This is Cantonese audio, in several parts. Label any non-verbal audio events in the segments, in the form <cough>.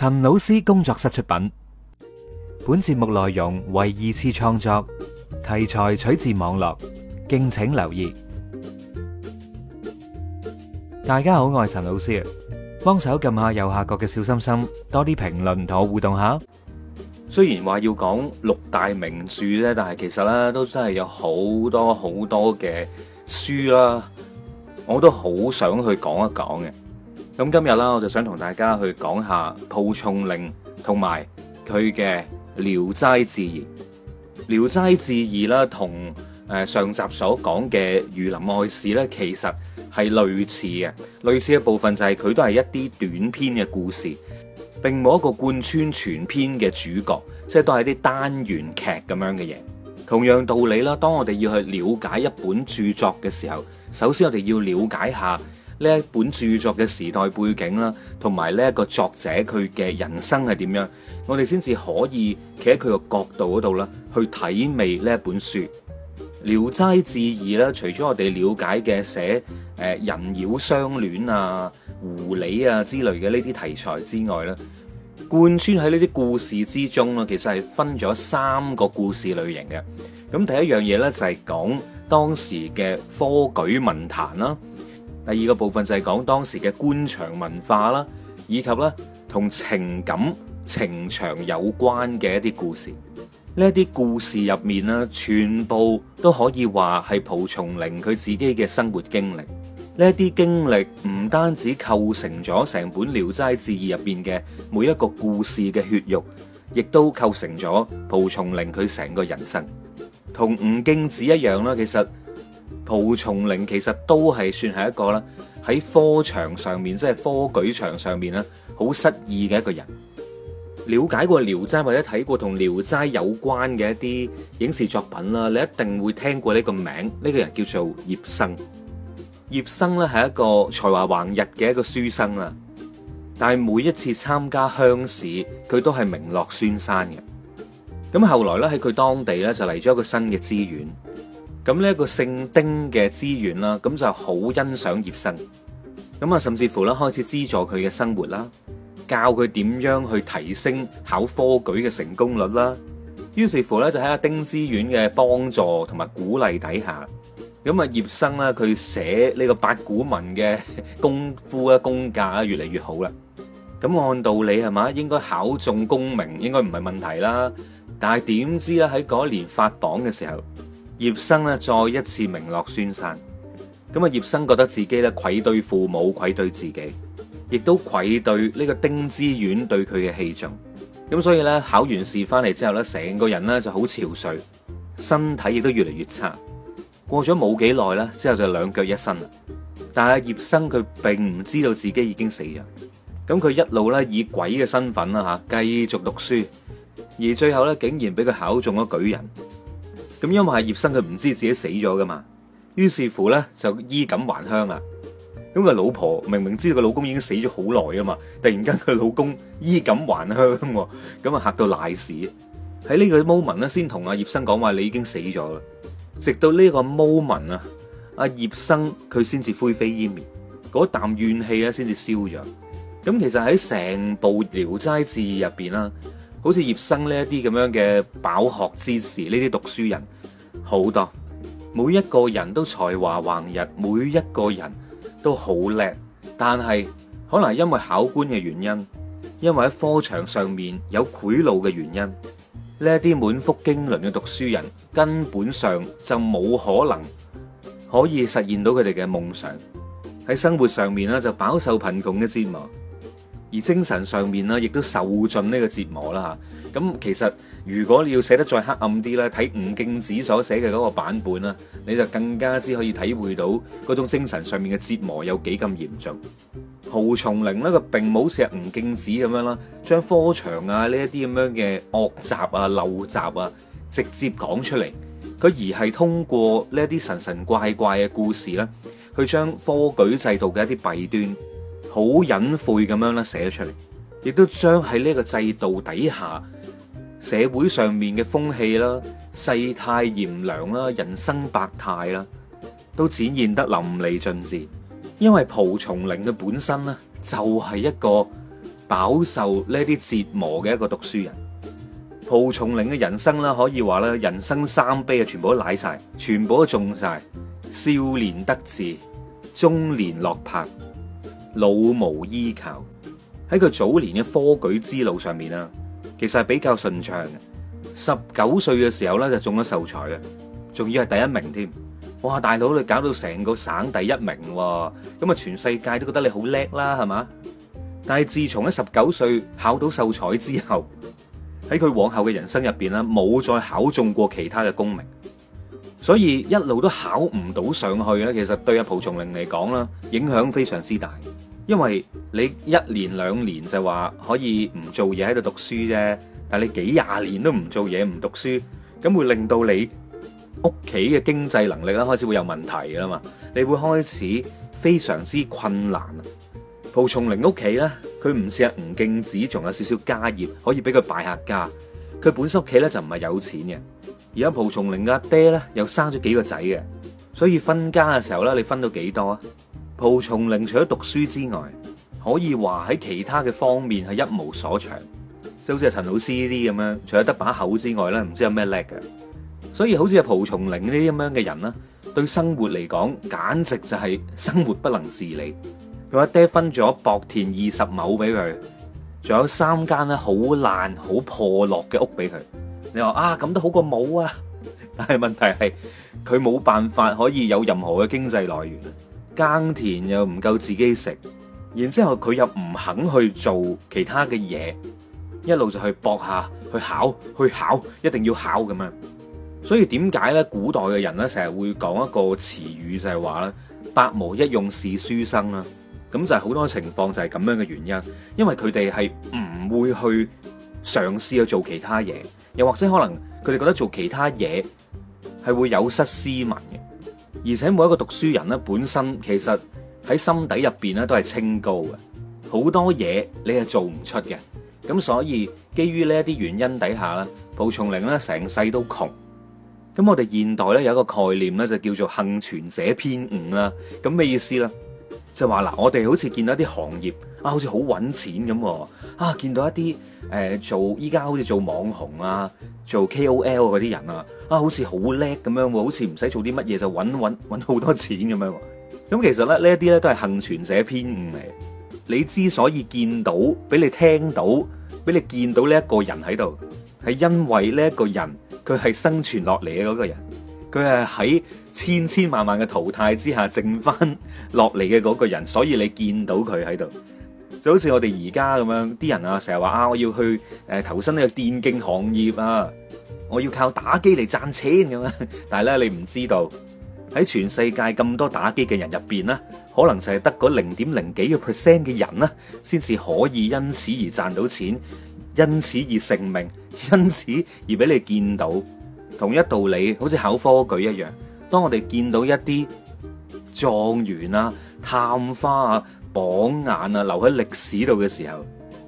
陳老師工作室出品，本節目內容為二次創作，題材取自網絡，敬請留意。大家好，我係陳老師啊，幫手撳下右下角嘅小心心，多啲評論同我互動下。雖然話要講六大名著咧，但係其實咧都真係有好多好多嘅書啦，我都好想去講一講嘅。咁今日啦，我就想同大家去講下《蒲松齡》同埋佢嘅《聊齋志異》。《聊齋志異》啦，同誒上集所講嘅《儒林外史》咧，其實係類似嘅。類似嘅部分就係、是、佢都係一啲短篇嘅故事，並冇一個貫穿全篇嘅主角，即係都係啲單元劇咁樣嘅嘢。同樣道理啦，當我哋要去了解一本著作嘅時候，首先我哋要了解下。呢一本著作嘅時代背景啦，同埋呢一個作者佢嘅人生係點樣，我哋先至可以企喺佢個角度嗰度啦，去體味呢一本書《聊齋志異》啦。除咗我哋了解嘅寫誒人妖相戀啊、狐狸啊之類嘅呢啲題材之外咧，貫穿喺呢啲故事之中咯，其實係分咗三個故事類型嘅。咁第一樣嘢咧就係講當時嘅科舉文壇啦。第二個部分就係講當時嘅官場文化啦，以及咧同情感、情場有關嘅一啲故事。呢啲故事入面呢，全部都可以話係蒲松齡佢自己嘅生活經歷。呢啲經歷唔單止構成咗成本聊齋志異入邊嘅每一個故事嘅血肉，亦都構成咗蒲松齡佢成個人生，同吳敬梓一樣啦。其實。蒲松齡其實都係算係一個咧喺科場上面，即係科舉場上面咧好失意嘅一個人。了解過《聊齋》或者睇過同《聊齋》有關嘅一啲影視作品啦，你一定會聽過呢個名，呢個人叫做葉生。葉生咧係一個才華橫溢嘅一個書生啦，但係每一次參加鄉試，佢都係名落孫山嘅。咁後來咧喺佢當地咧就嚟咗一個新嘅資源。咁呢一個姓丁嘅資源啦，咁就好欣賞葉生，咁啊甚至乎咧開始資助佢嘅生活啦，教佢點樣去提升考科舉嘅成功率啦。於是乎咧就喺阿丁之遠嘅幫助同埋鼓勵底下，咁啊葉生啦，佢寫呢個八股文嘅功夫啊功架啊越嚟越好啦。咁按道理係嘛應該考中功名應該唔係問題啦，但係點知咧喺嗰年發榜嘅時候。葉生咧，再一次名落孫山。咁啊，葉生覺得自己咧，愧對父母，愧對自己，亦都愧對呢個丁之遠對佢嘅器重。咁所以咧，考完試翻嚟之後咧，成個人咧就好憔悴，身體亦都越嚟越差。過咗冇幾耐咧，之後就兩腳一伸啦。但係葉生佢並唔知道自己已經死咗。咁佢一路咧以鬼嘅身份啦吓，繼續讀書，而最後咧竟然俾佢考中咗舉人。咁因為葉生佢唔知自己死咗噶嘛，於是乎咧就衣錦還鄉啦。咁佢老婆明明知道個老公已經死咗好耐噶嘛，突然間佢老公衣錦還鄉，咁啊嚇到賴屎。喺呢個 moment 咧，先同阿葉生講話你已經死咗啦。直到呢個 moment 啊，阿葉生佢先至灰飛煙滅，嗰啖怨氣咧先至消咗。咁其實喺成部聊齋志異入邊啦。好似葉生呢一啲咁樣嘅飽學之士，呢啲讀書人好多，每一個人都才華橫溢，每一個人都好叻，但係可能因為考官嘅原因，因為喺科場上面有賄賂嘅原因，呢一啲滿腹經綸嘅讀書人根本上就冇可能可以實現到佢哋嘅夢想，喺生活上面咧就飽受貧窮嘅折磨。而精神上面咧，亦都受盡呢個折磨啦嚇。咁其實如果你要寫得再黑暗啲咧，睇吳敬梓所寫嘅嗰個版本啦，你就更加之可以體會到嗰種精神上面嘅折磨有幾咁嚴重。蒲松齡咧，佢並冇好似吳敬梓咁樣啦，將科場啊呢一啲咁樣嘅惡習啊陋習啊直接講出嚟，佢而係通過呢一啲神神怪怪嘅故事咧，去將科舉制度嘅一啲弊端，好隱晦咁樣啦，寫咗出嚟，亦都將喺呢個制度底下社會上面嘅風氣啦、世態炎涼啦、人生百態啦，都展現得淋漓盡致。因為蒲松齡嘅本身咧，就係一個飽受呢啲折磨嘅一個讀書人。蒲松齡嘅人生啦，可以話咧，人生三悲啊，全部都賴晒，全部都中晒：少年得志，中年落魄。老無依靠。喺佢早年嘅科舉之路上面啦，其實係比較順暢嘅。十九歲嘅時候咧就中咗秀才啊，仲要係第一名添。哇，大佬你搞到成個省第一名，咁啊全世界都覺得你好叻啦，係嘛？但係自從喺十九歲考到秀才之後，喺佢往後嘅人生入邊咧，冇再考中過其他嘅功名。所以一路都考唔到上去咧，其實對阿蒲松齡嚟講啦，影響非常之大。因為你一年兩年就話可以唔做嘢喺度讀書啫，但係你幾廿年都唔做嘢唔讀書，咁會令到你屋企嘅經濟能力咧開始會有問題噶啦嘛？你會開始非常之困難。蒲松齡屋企咧，佢唔似阿吳敬梓，仲有少少家業可以俾佢敗下家，佢本身屋企咧就唔係有錢嘅。而家蒲松齡嘅阿爹咧，又生咗幾個仔嘅，所以分家嘅時候咧，你分到幾多啊？蒲松齡除咗讀書之外，可以話喺其他嘅方面係一無所長，即好似阿陳老師呢啲咁樣，除咗得把口之外咧，唔知有咩叻嘅。所以好似阿蒲松齡呢啲咁樣嘅人咧，對生活嚟講，簡直就係生活不能自理。佢阿爹分咗薄田二十畝俾佢，仲有三間咧好爛好破落嘅屋俾佢。你話啊咁都好過冇啊， <laughs> 但係問題係佢冇辦法可以有任何嘅經濟來源，耕田又唔夠自己食，然之後佢又唔肯去做其他嘅嘢，一路就去搏下，去考，去考，一定要考咁樣。所以點解咧？古代嘅人呢，成日會講一個詞語就係話咧，百無一用是書生啦。咁就係好多情況就係咁樣嘅原因，因為佢哋係唔會去嘗試去做其他嘢。又或者可能佢哋覺得做其他嘢係會有失斯文嘅，而且每一個讀書人咧本身其實喺心底入邊咧都係清高嘅，好多嘢你係做唔出嘅。咁所以基於呢一啲原因底下啦，蒲松齡咧成世都窮。咁我哋現代咧有一個概念咧就叫做幸存者偏誤啦。咁咩意思咧？就話嗱，我哋好似見到啲行業啊，好似好揾錢咁喎、啊。啊，見到一啲誒、呃、做依家好似做網紅啊，做 KOL 嗰啲人啊，啊，好似好叻咁樣喎，好似唔使做啲乜嘢就揾揾好多錢咁樣、啊。咁、嗯、其實咧，呢一啲咧都係幸存者偏誤嚟。你之所以見到，俾你聽到，俾你見到呢一個人喺度，係因為呢一個人佢係生存落嚟嘅嗰個人。佢係喺千千萬萬嘅淘汰之下剩返落嚟嘅嗰個人，所以你見到佢喺度，就好似我哋而家咁樣，啲人啊成日話啊我要去誒投身呢個電競行業啊，我要靠打機嚟賺錢咁啊！但係咧你唔知道喺全世界咁多打機嘅人入邊咧，可能就係得嗰零點零幾個 percent 嘅人咧，先至可以因此而賺到錢，因此而成名，因此而俾你見到。同一道理，好似考科舉一樣。當我哋見到一啲狀元啊、探花啊、榜眼啊留喺歷史度嘅時候，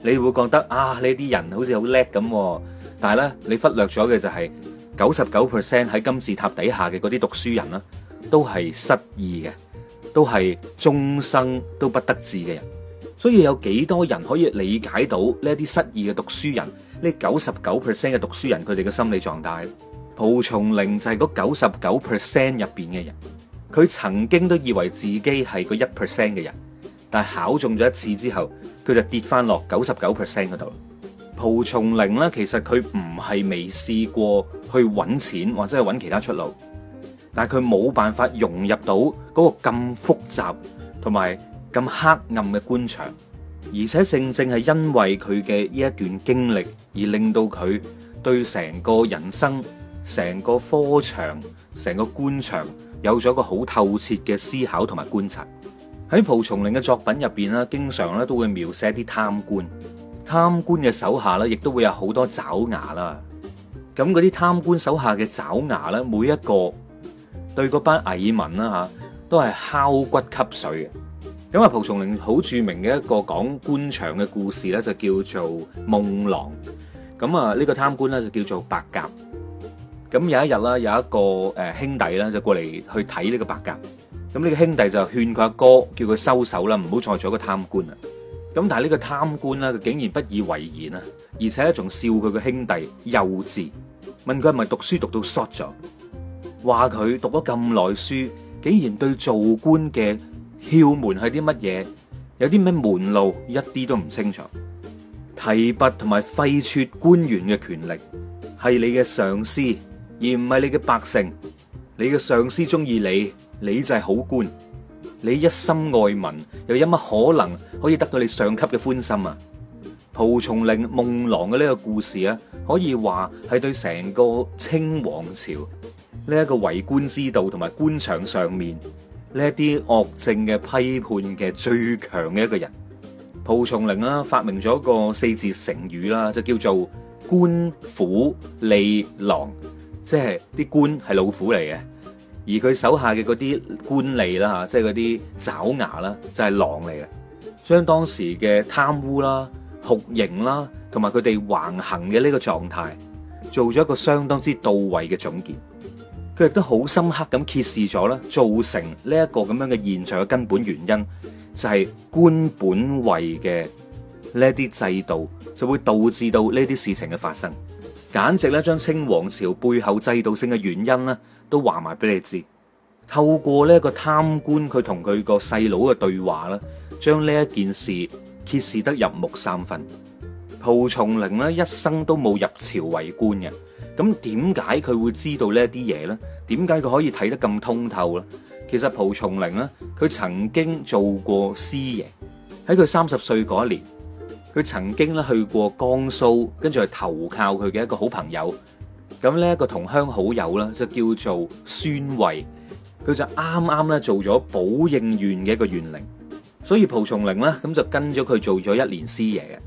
你會覺得啊，呢啲人好似好叻咁。但係咧，你忽略咗嘅就係九十九 percent 喺金字塔底下嘅嗰啲讀書人啦、啊，都係失意嘅，都係終生都不得志嘅人。所以有幾多人可以理解到呢啲失意嘅讀書人，呢九十九 percent 嘅讀書人佢哋嘅心理狀態？蒲松齡就係嗰九十九 percent 入邊嘅人，佢曾經都以為自己係個一 percent 嘅人，但係考中咗一次之後，佢就跌翻落九十九 percent 嗰度。蒲松齡咧，其實佢唔係未試過去揾錢或者係揾其他出路，但係佢冇辦法融入到嗰個咁複雜同埋咁黑暗嘅官場，而且正正係因為佢嘅呢一段經歷，而令到佢對成個人生。成個科場、成個官場有咗個好透徹嘅思考同埋觀察，喺蒲松齡嘅作品入邊啦，經常咧都會描寫一啲貪官，貪官嘅手下咧亦都會有好多爪牙啦。咁嗰啲貪官手下嘅爪牙咧，每一個對嗰班蟻民啦吓，都係敲骨吸髓嘅。咁啊，蒲松齡好著名嘅一個講官場嘅故事咧，就叫做夢狼《夢狼》。咁啊，呢個貪官咧就叫做白甲。咁有一日啦，有一個誒、呃、兄弟啦，就過嚟去睇呢個白鴿。咁呢個兄弟就勸佢阿哥，叫佢收手啦，唔好再做一個貪官啦。咁但係呢個貪官啦，佢竟然不以為然啊，而且咧仲笑佢個兄弟幼稚，問佢係咪讀書讀到 short 咗，話佢讀咗咁耐書，竟然對做官嘅竅門係啲乜嘢，有啲咩門路，一啲都唔清楚。提拔同埋廢黜官員嘅權力，係你嘅上司。而唔係你嘅百姓，你嘅上司中意你，你就係好官。你一心愛民，又有乜可能可以得到你上級嘅歡心啊？蒲松齡夢狼嘅呢個故事啊，可以話係對成個清王朝呢一個為官之道同埋官場上面呢一啲惡政嘅批判嘅最強嘅一個人。蒲松齡啦，啊，發明咗一個四字成語啦，就叫做「官虎吏狼」。即係啲官係老虎嚟嘅，而佢手下嘅嗰啲官吏啦吓，即係嗰啲爪牙啦，就係狼嚟嘅。將當時嘅貪污啦、酷刑啦，同埋佢哋橫行嘅呢個狀態，做咗一個相當之到位嘅總結。佢亦都好深刻咁揭示咗啦，造成呢一個咁樣嘅現象嘅根本原因，就係官本位嘅呢一啲制度，就會導致到呢啲事情嘅發生。簡直咧將清皇朝背後制度性嘅原因咧都話埋俾你知，透過呢一個貪官佢同佢個細佬嘅對話啦，將呢一件事揭示得入木三分。蒲松齡咧一生都冇入朝為官嘅，咁點解佢會知道呢一啲嘢呢？點解佢可以睇得咁通透呢？其實蒲松齡咧，佢曾經做過師爺，喺佢三十歲嗰年。佢曾經咧去過江蘇，跟住去投靠佢嘅一個好朋友。咁呢一個同鄉好友咧就叫做孫蕙，佢就啱啱咧做咗寶應縣嘅一個縣令，所以蒲松齡咧咁就跟咗佢做咗一年師爺嘅。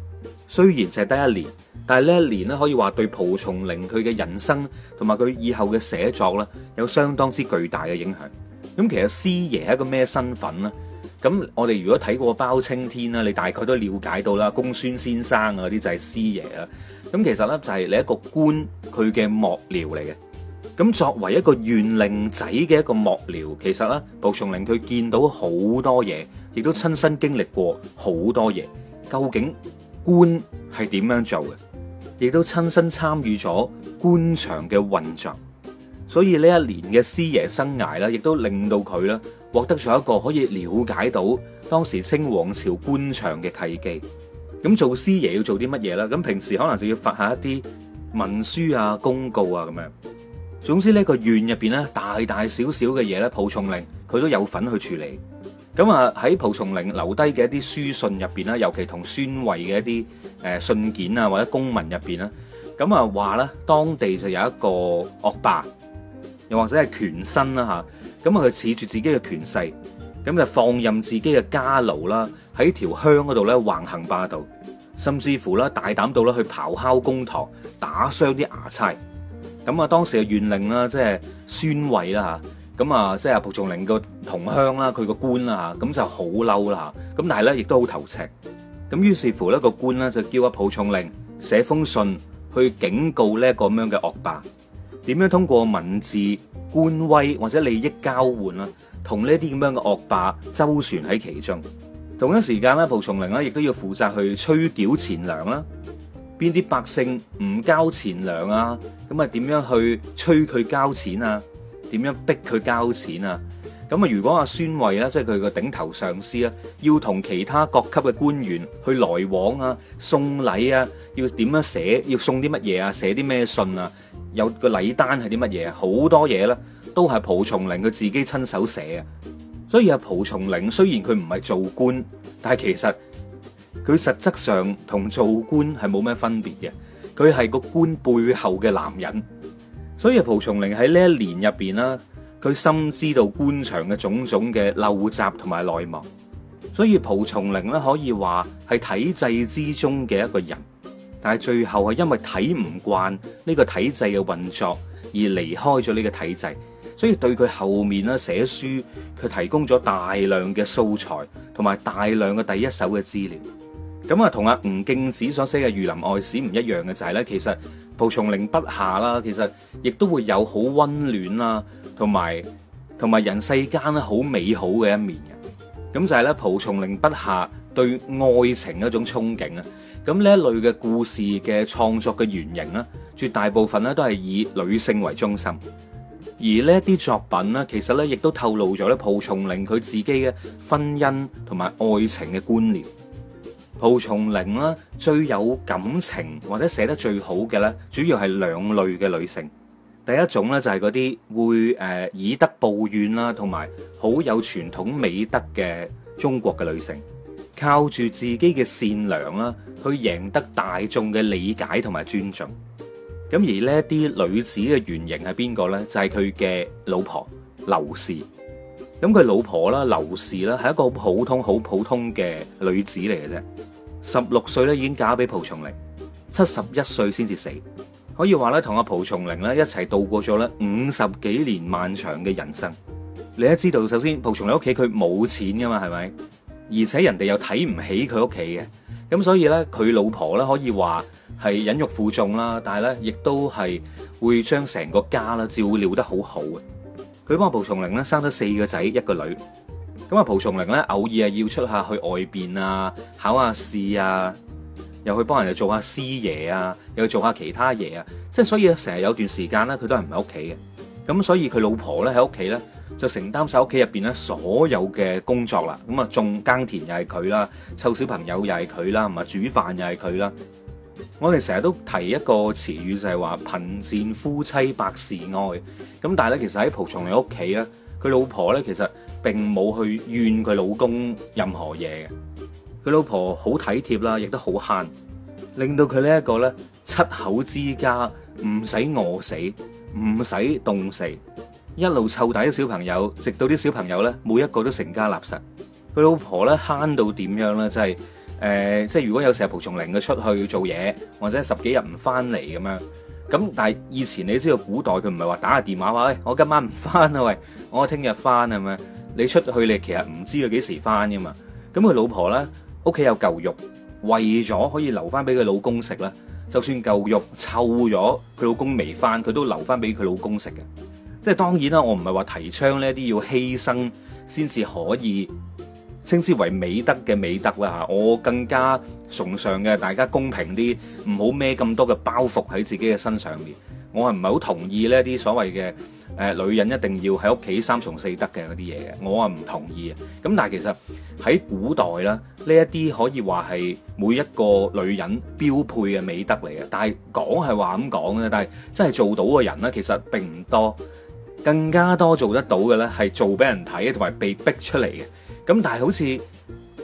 雖然就係得一年，但係呢一年咧可以話對蒲松齡佢嘅人生同埋佢以後嘅寫作咧有相當之巨大嘅影響。咁其實師爺係一個咩身份咧？咁我哋如果睇過包青天啦、啊，你大概都了解到啦，公孫先生啊啲就係、是、師爺啦、啊。咁其實呢，就係你一個官佢嘅幕僚嚟嘅。咁作為一個縣令仔嘅一個幕僚，其實呢，蒲松齡佢見到好多嘢，亦都親身經歷過好多嘢。究竟官係點樣做嘅？亦都親身參與咗官場嘅運作。所以呢一年嘅師爺生涯啦，亦都令到佢啦。獲得咗一個可以了解到當時清王朝官場嘅契機，咁做師爺要做啲乜嘢啦？咁平時可能就要發下一啲文書啊、公告啊咁樣。總之呢個院入邊咧，大大小小嘅嘢咧，蒲松齡佢都有份去處理。咁啊，喺蒲松齡留低嘅一啲書信入邊啦，尤其同孫蕙嘅一啲誒信件啊或者公文入邊啦，咁啊話咧當地就有一個惡霸，又或者係權紳啦、啊、吓。咁啊，佢恃住自己嘅權勢，咁就放任自己嘅家奴啦，喺條鄉嗰度咧橫行霸道，甚至乎咧大膽到咧去咆哮公堂，打傷啲衙差。咁啊，當時嘅縣令啦，即係孫蕙啦嚇，咁啊，即係蒲松齡個同鄉啦，佢個官啦嚇，咁就好嬲啦嚇。咁但係咧，亦都好投契。咁於是乎咧，個官咧就叫阿蒲松齡寫封信去警告呢一個咁樣嘅惡霸。點樣通過文字官威或者利益交換啦，同呢啲咁樣嘅惡霸周旋喺其中。同一時間咧，蒲松齡咧亦都要負責去催繳錢糧啦。邊啲百姓唔交錢糧啊？咁啊點樣去催佢交錢啊？點樣逼佢交錢啊？咁啊，如果阿孫蕙啦，即係佢個頂頭上司啊，要同其他各級嘅官員去來往啊，送禮啊，要點樣寫，要送啲乜嘢啊，寫啲咩信啊，有個禮單係啲乜嘢，好多嘢咧，都係蒲松齡佢自己親手寫嘅。所以蒲松齡雖然佢唔係做官，但係其實佢實質上同做官係冇咩分別嘅，佢係個官背後嘅男人。所以蒲松齡喺呢一年入邊啦。佢深知道官場嘅種種嘅陋習同埋內幕，所以蒲松齡咧，可以話係體制之中嘅一個人。但係最後係因為睇唔慣呢個體制嘅運作而離開咗呢個體制，所以對佢後面咧，寫書，佢提供咗大量嘅素材同埋大量嘅第一手嘅資料。咁啊，同阿吳敬梓所寫嘅《儒林外史》唔一樣嘅就係咧，其實蒲松齡筆下啦，其實亦都會有好溫暖啦。同埋，同埋人世間咧好美好嘅一面嘅，咁就係咧蒲松齡筆下對愛情一種憧憬啊！咁呢一類嘅故事嘅創作嘅原型啦，絕大部分咧都係以女性為中心，而呢啲作品咧，其實咧亦都透露咗咧蒲松齡佢自己嘅婚姻同埋愛情嘅觀念。蒲松齡咧最有感情或者寫得最好嘅咧，主要係兩類嘅女性。第一種呢，就係嗰啲會誒以德報怨啦，同埋好有傳統美德嘅中國嘅女性，靠住自己嘅善良啦，去贏得大眾嘅理解同埋尊重。咁而呢啲女子嘅原型係邊個呢？就係佢嘅老婆劉氏。咁佢老婆啦，劉氏啦，係一個好普通、好普通嘅女子嚟嘅啫。十六歲咧已經嫁俾蒲松齡，七十一歲先至死。可以話咧，同阿蒲松齡咧一齊度過咗咧五十幾年漫長嘅人生。你都知道，首先蒲松齡屋企佢冇錢㗎嘛，係咪？而且人哋又睇唔起佢屋企嘅，咁所以咧佢老婆咧可以話係忍辱負重啦，但係咧亦都係會將成個家啦照料得好好嘅。佢幫蒲松齡咧生咗四個仔一個女。咁阿蒲松齡咧偶爾係要出下去外邊啊，考下試啊。又去幫人哋做下師爺啊，又去做下其他嘢啊，即係所以成日有段時間咧，佢都係唔喺屋企嘅。咁所以佢老婆咧喺屋企咧，就承擔晒屋企入邊咧所有嘅工作啦。咁啊，種耕田又係佢啦，湊小朋友又係佢啦，同埋煮飯又係佢啦。我哋成日都提一個詞語就係話貧賤夫妻百事哀。咁但係咧，其實喺蒲松齡屋企咧，佢老婆咧其實並冇去怨佢老公任何嘢嘅。佢老婆好體貼啦，亦都好慳，令到佢呢一個呢七口之家唔使餓死，唔使凍死，一路湊大啲小朋友，直到啲小朋友呢，每一個都成家立室。佢老婆呢，慳到點樣呢？即係誒，即係如果有時蒲松齡佢出去做嘢，或者十幾日唔翻嚟咁樣，咁但係以前你知道，古代佢唔係話打下電話話，喂，我今晚唔翻啊喂，我聽日翻係咪？你出去你其實唔知佢幾時翻噶嘛，咁佢老婆呢。屋企有嚿肉，為咗可以留翻俾佢老公食咧，就算嚿肉臭咗，佢老公未翻，佢都留翻俾佢老公食嘅。即係當然啦，我唔係話提倡呢啲要犧牲先至可以稱之為美德嘅美德啦吓。我更加崇尚嘅，大家公平啲，唔好孭咁多嘅包袱喺自己嘅身上面。我係唔係好同意呢啲所謂嘅。誒、呃、女人一定要喺屋企三從四德嘅嗰啲嘢嘅，我啊唔同意嘅。咁但係其實喺古代咧，呢一啲可以話係每一個女人標配嘅美德嚟嘅。但係講係話咁講嘅，但係真係做到嘅人呢，其實並唔多。更加多做得到嘅呢，係做俾人睇同埋被逼出嚟嘅。咁但係好似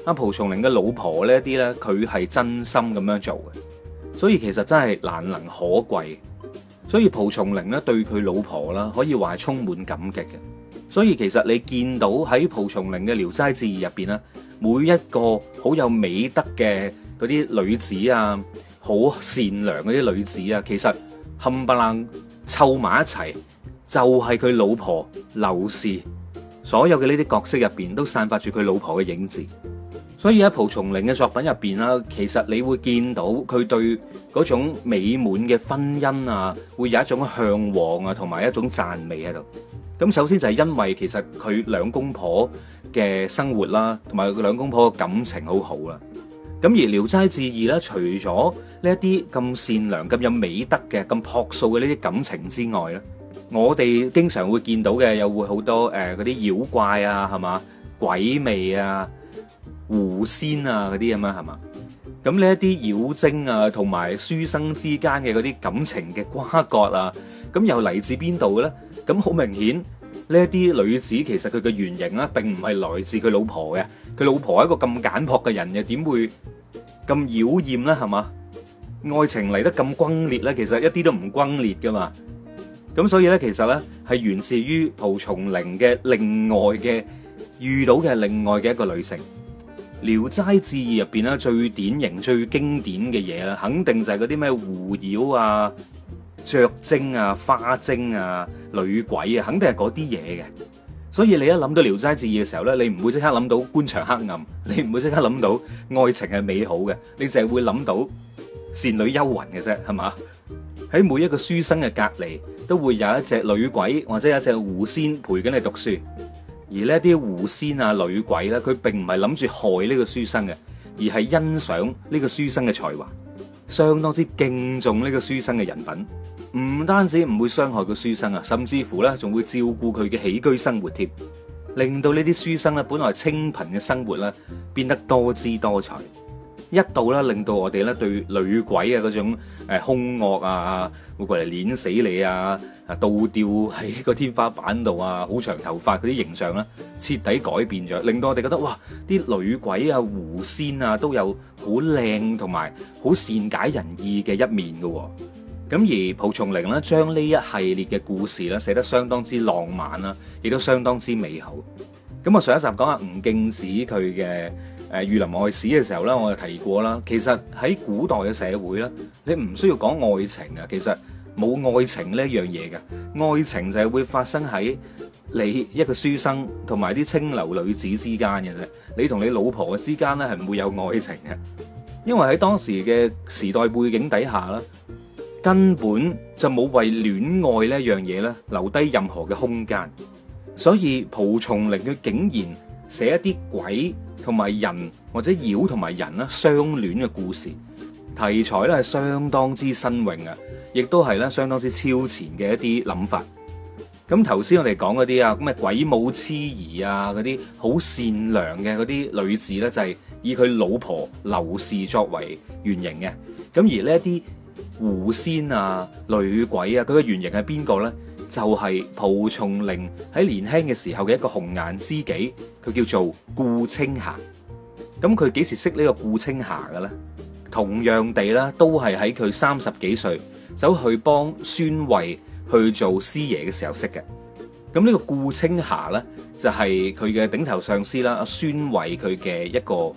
阿蒲松齡嘅老婆呢一啲呢，佢係真心咁樣做嘅。所以其實真係難能可貴。所以蒲松齡咧對佢老婆啦，可以話係充滿感激嘅。所以其實你見到喺蒲松齡嘅《聊齋志異》入邊咧，每一個好有美德嘅嗰啲女子啊，好善良嗰啲女子啊，其實冚唪唥湊埋一齊，就係佢老婆劉氏。所有嘅呢啲角色入邊都散發住佢老婆嘅影子。所以喺蒲松齡嘅作品入邊啦，其實你會見到佢對。嗰種美滿嘅婚姻啊，會有一種嚮往啊，同埋一種讚美喺度。咁首先就係因為其實佢兩公婆嘅生活啦，同埋佢兩公婆嘅感情好好啦。咁而聊齋志異呢，除咗呢啲咁善良，咁有美德嘅，咁樸素嘅呢啲感情之外呢，我哋經常會見到嘅，又會好多誒嗰啲妖怪啊，係咪，鬼魅啊，狐仙啊嗰啲，係咪，咁呢一啲妖精啊，同埋書生之間嘅嗰啲感情嘅瓜葛啊，咁又嚟自邊度咧？咁好明顯，呢一啲女子其實佢嘅原型咧並唔係來自佢老婆嘅，佢老婆係一個咁簡樸嘅人又點會咁妖豔咧？係嘛？愛情嚟得咁轟烈咧，其實一啲都唔轟烈噶嘛。咁所以咧，其實咧係源自於蒲松齡嘅另外嘅遇到嘅另外嘅一個女性。《聊齋誌異》入邊啦，最典型、最經典嘅嘢啦，肯定就係嗰啲咩狐妖啊、雀精啊、花精啊、女鬼啊，肯定係嗰啲嘢嘅。所以你一諗到《聊齋誌異》嘅時候咧，你唔會即刻諗到官場黑暗，你唔會即刻諗到愛情係美好嘅，你淨係會諗到善女幽魂嘅啫，係嘛？喺每一個書生嘅隔籬，都會有一隻女鬼或者有一隻狐仙陪緊你讀書。而呢啲狐仙啊、女鬼咧，佢並唔係諗住害呢個書生嘅，而係欣賞呢個書生嘅才華，相當之敬重呢個書生嘅人品。唔單止唔會傷害個書生啊，甚至乎咧仲會照顧佢嘅起居生活添，令到呢啲書生咧本來清貧嘅生活咧變得多姿多彩。一度咧，令到我哋咧對女鬼啊嗰種誒兇惡啊，會過嚟碾死你啊，啊倒吊喺個天花板度啊，好長頭髮嗰啲形象咧，徹底改變咗，令到我哋覺得哇，啲女鬼啊、狐仙啊都有好靚同埋好善解人意嘅一面嘅。咁而蒲松齡呢，將呢一系列嘅故事咧寫得相當之浪漫啦，亦都相當之美好。咁我上一集講一下吳敬梓佢嘅。誒，儒林外史寫一啲鬼同埋人或者妖同埋人啦，相戀嘅故事題材咧，係相當之新穎嘅，亦都係咧相當之超前嘅一啲諗法。咁頭先我哋講嗰啲啊，咁咩鬼母痴兒啊，嗰啲好善良嘅嗰啲女子咧，就係以佢老婆劉氏作為原型嘅。咁而呢一啲狐仙啊、女鬼啊，佢嘅原型係邊個咧？就係蒲松齡喺年輕嘅時候嘅一個紅顏知己，佢叫做顧青霞。咁佢幾時識呢個顧青霞嘅咧？同樣地啦，都係喺佢三十幾歲走去幫孫慧，去做師爺嘅時候識嘅。咁呢個顧青霞咧，就係佢嘅頂頭上司啦，阿孫慧佢嘅一個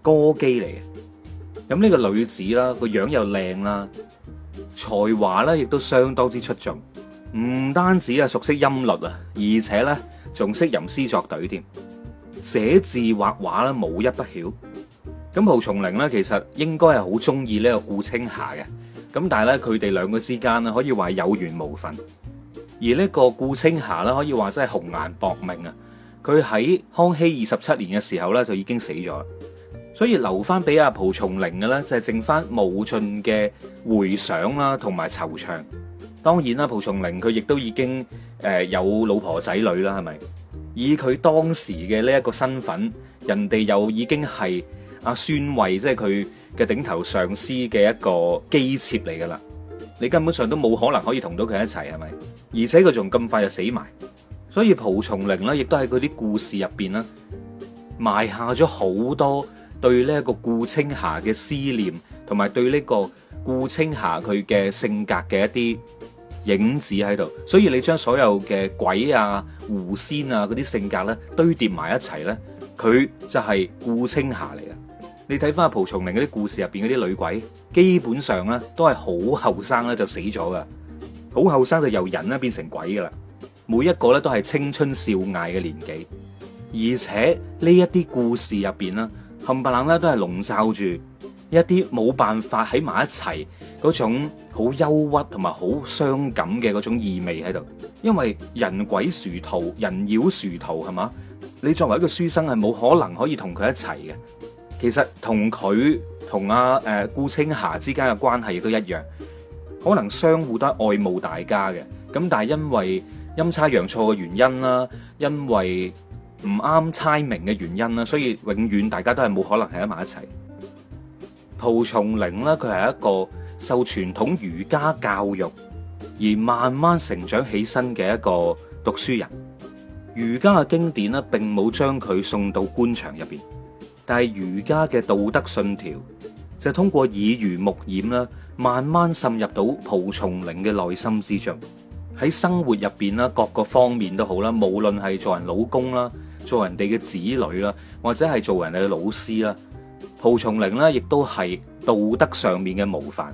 歌姬嚟嘅。咁呢個女子啦，個樣又靚啦，才華咧亦都相當之出眾。唔單止啊，熟悉音律啊，而且咧仲識吟詩作對添，寫字畫畫咧冇一不曉。咁蒲松齡咧其實應該係好中意呢個顧青霞嘅，咁但係咧佢哋兩個之間咧可以話有緣無份，而呢個顧青霞啦可以話真係紅顏薄命啊！佢喺康熙二十七年嘅時候咧就已經死咗，所以留翻俾阿蒲松齡嘅咧就係、是、剩翻無盡嘅回想啦，同埋惆悵。當然啦，蒲松齡佢亦都已經誒、呃、有老婆仔女啦，係咪？以佢當時嘅呢一個身份，人哋又已經係阿孫慧，即係佢嘅頂頭上司嘅一個姬妾嚟㗎啦。你根本上都冇可能可以同到佢一齊，係咪？而且佢仲咁快就死埋，所以蒲松齡咧，亦都喺佢啲故事入邊咧，埋下咗好多對呢一個顧青霞嘅思念，同埋對呢個顧青霞佢嘅性格嘅一啲。影子喺度，所以你將所有嘅鬼啊、狐仙啊嗰啲性格咧堆疊埋一齊咧，佢就係顧青霞嚟嘅。你睇翻阿蒲松齡嗰啲故事入邊嗰啲女鬼，基本上咧都係好後生咧就死咗噶，好後生就由人咧變成鬼噶啦，每一個咧都係青春少艾嘅年紀，而且呢一啲故事入邊咧，冚唪唥咧都係籠罩住。一啲冇辦法喺埋一齊嗰種好憂鬱同埋好傷感嘅嗰種意味喺度，因為人鬼殊途，人妖殊途係嘛？你作為一個書生係冇可能可以同佢一齊嘅。其實同佢同阿，誒顧青霞之間嘅關係亦都一樣，可能相互都係愛慕大家嘅。咁但係因為陰差陽錯嘅原因啦，因為唔啱猜明嘅原因啦，所以永遠大家都係冇可能喺埋一齊。蒲松齡咧，佢係一個受傳統儒家教育而慢慢成長起身嘅一個讀書人。儒家嘅經典咧，並冇將佢送到官場入邊，但係儒家嘅道德信條就是，通過耳濡目染啦，慢慢滲入到蒲松齡嘅內心之中。喺生活入邊啦，各個方面都好啦，無論係做人老公啦，做人哋嘅子女啦，或者係做人哋嘅老師啦。蒲松齡咧，亦都係道德上面嘅模範，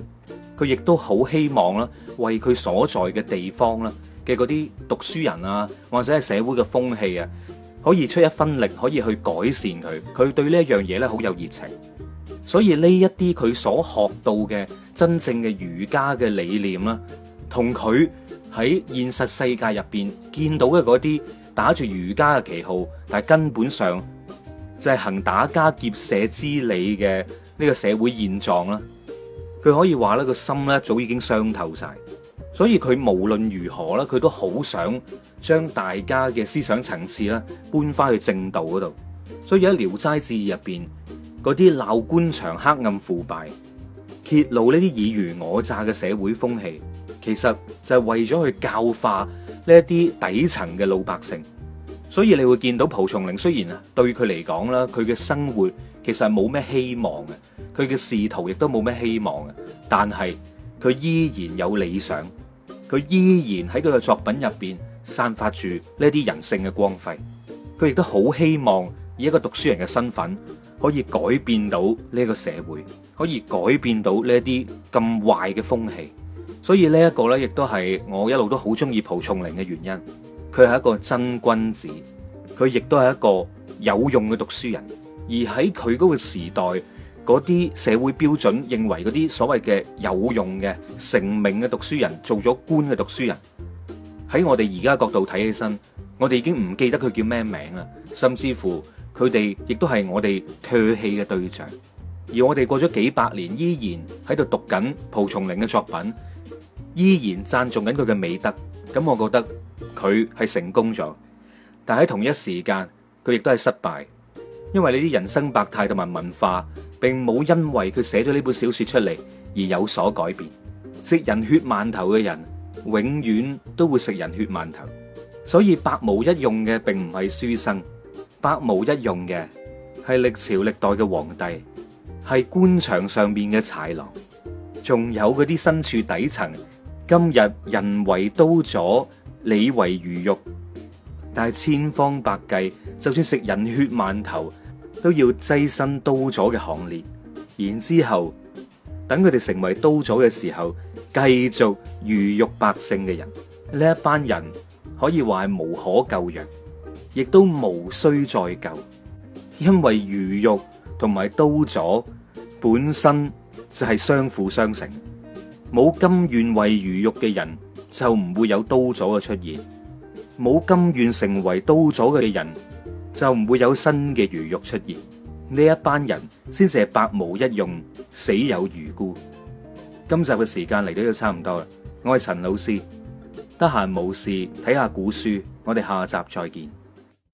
佢亦都好希望啦，為佢所在嘅地方啦嘅嗰啲讀書人啊，或者係社會嘅風氣啊，可以出一分力，可以去改善佢。佢對呢一樣嘢呢，好有熱情，所以呢一啲佢所學到嘅真正嘅儒家嘅理念啦，同佢喺現實世界入邊見到嘅嗰啲打住儒家嘅旗號，但係根本上。就係行打家劫舍之理嘅呢個社會現狀啦，佢可以話呢個心呢早已經傷透晒，所以佢無論如何呢佢都好想將大家嘅思想層次咧搬翻去正道嗰度。所以喺《聊齋志異》入邊嗰啲鬧官場黑暗腐敗、揭露呢啲爾虞我詐嘅社會風氣，其實就係為咗去教化呢一啲底層嘅老百姓。所以你會見到蒲松齡，雖然啊對佢嚟講啦，佢嘅生活其實係冇咩希望嘅，佢嘅仕途亦都冇咩希望嘅。但係佢依然有理想，佢依然喺佢嘅作品入邊散發住呢啲人性嘅光輝，佢亦都好希望以一個讀書人嘅身份可以改變到呢個社會，可以改變到呢啲咁壞嘅風氣，所以呢一個呢，亦都係我一路都好中意蒲松齡嘅原因。佢係一個真君子，佢亦都係一個有用嘅讀書人。而喺佢嗰個時代，嗰啲社會標準認為嗰啲所謂嘅有用嘅、成名嘅讀書人，做咗官嘅讀書人，喺我哋而家角度睇起身，我哋已經唔記得佢叫咩名啦。甚至乎佢哋亦都係我哋唾棄嘅對象。而我哋過咗幾百年，依然喺度讀緊蒲松齡嘅作品，依然讚頌緊佢嘅美德。咁我覺得。佢係成功咗，但喺同一時間，佢亦都係失敗，因為呢啲人生百態同埋文化並冇因為佢寫咗呢本小說出嚟而有所改變。食人血饅頭嘅人永遠都會食人血饅頭，所以百無一用嘅並唔係書生，百無一用嘅係歷朝歷代嘅皇帝，係官場上面嘅豺狼，仲有嗰啲身處底層，今日人為刀俎。你為魚肉，但係千方百計，就算食人血饅頭，都要躋身刀俎嘅行列。然之後，等佢哋成為刀俎嘅時候，繼續魚肉百姓嘅人。呢一班人可以話係無可救藥，亦都無需再救，因為魚肉同埋刀俎本身就係相輔相成。冇甘願為魚肉嘅人，就唔會有刀俎嘅出現，冇甘願成為刀俎嘅人，就唔會有新嘅魚肉出現。呢一班人先至係百無一用，死有餘辜。今集嘅時間嚟到就差唔多啦，我係陳老師，得閒冇事睇下古書，我哋下集再見。